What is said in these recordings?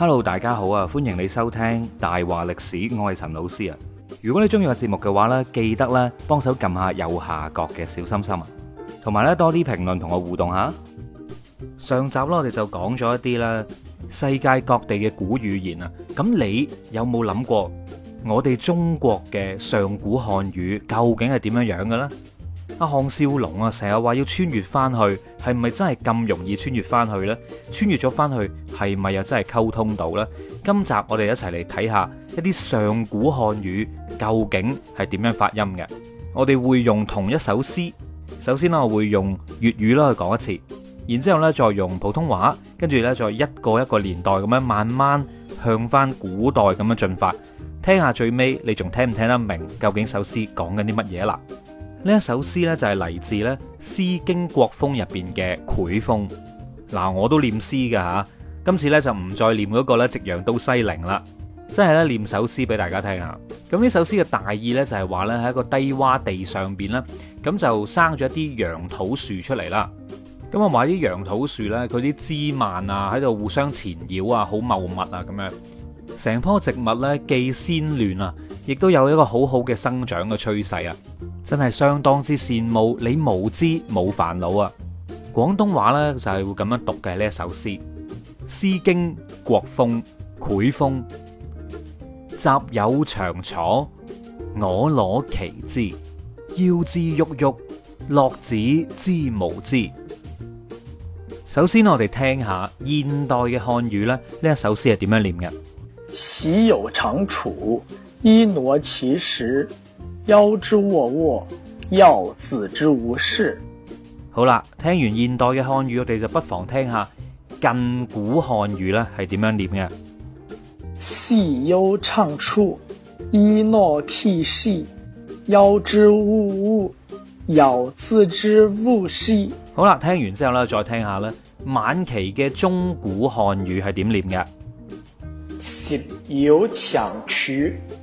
Hello，大家好啊！歡迎你收聽大話歷史，我係陳老師啊。如果你中意我節目嘅話呢，記得咧幫手撳下右下角嘅小心心啊，同埋呢多啲評論同我互動下。上集咧我哋就講咗一啲咧世界各地嘅古語言啊，咁你有冇諗過我哋中國嘅上古漢語究竟係點樣樣嘅呢？阿項少龍啊，成日話要穿越翻去，係咪真係咁容易穿越翻去呢？穿越咗翻去，係咪又真係溝通到呢？今集我哋一齊嚟睇下一啲上古漢語究竟係點樣發音嘅。我哋會用同一首詩，首先咧我會用粵語啦去講一次，然之後咧再用普通話，跟住呢，再一個一個年代咁樣慢慢向翻古代咁樣進發，聽下最尾你仲聽唔聽得明究竟首詩講緊啲乜嘢啦？呢一首詩咧就係嚟自咧《詩經·國風》入邊嘅《檜風》。嗱，我都念詩噶吓，今次咧就唔再念嗰個咧《夕陽到西陵》啦，即係咧念首詩俾大家聽下。咁呢首詩嘅大意咧就係話咧喺一個低洼地上邊咧，咁就生咗一啲楊土樹出嚟啦。咁我話啲楊土樹咧，佢啲枝蔓啊喺度互相纏繞啊，好茂密啊咁樣，成棵植物咧既鮮嫩啊。亦都有一個好好嘅生長嘅趨勢啊！真係相當之羨慕你無知冇煩惱啊！廣東話呢，就係會咁樣讀嘅呢一首詩，《詩經·國風·檜風》：“隰有萇楚，我攞其枝；夭之沃沃，樂子之無知。”首先，我哋聽下現代嘅漢語呢，呢一首詩係點樣念嘅？“隰有萇楚。”伊挪其實，腰之沃沃，要子之無事。好啦，聽完現代嘅漢語，我哋就不妨聽下近古漢語咧，係點樣念嘅？細腰長處，衣挪細細，腰之沃沃，要子之無事。好啦，聽完之後咧，再聽下咧，晚期嘅中古漢語係點念嘅？細有長處。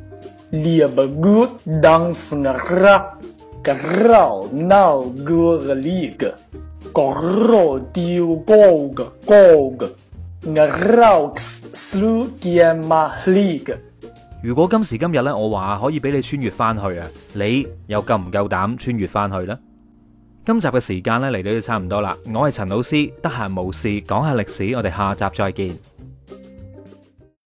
如果今時今日咧，我話可以俾你穿越翻去啊，你又夠唔夠膽穿越翻去呢？今集嘅時間咧嚟到都差唔多啦，我係陳老師，得閒無事講下歷史，我哋下集再見。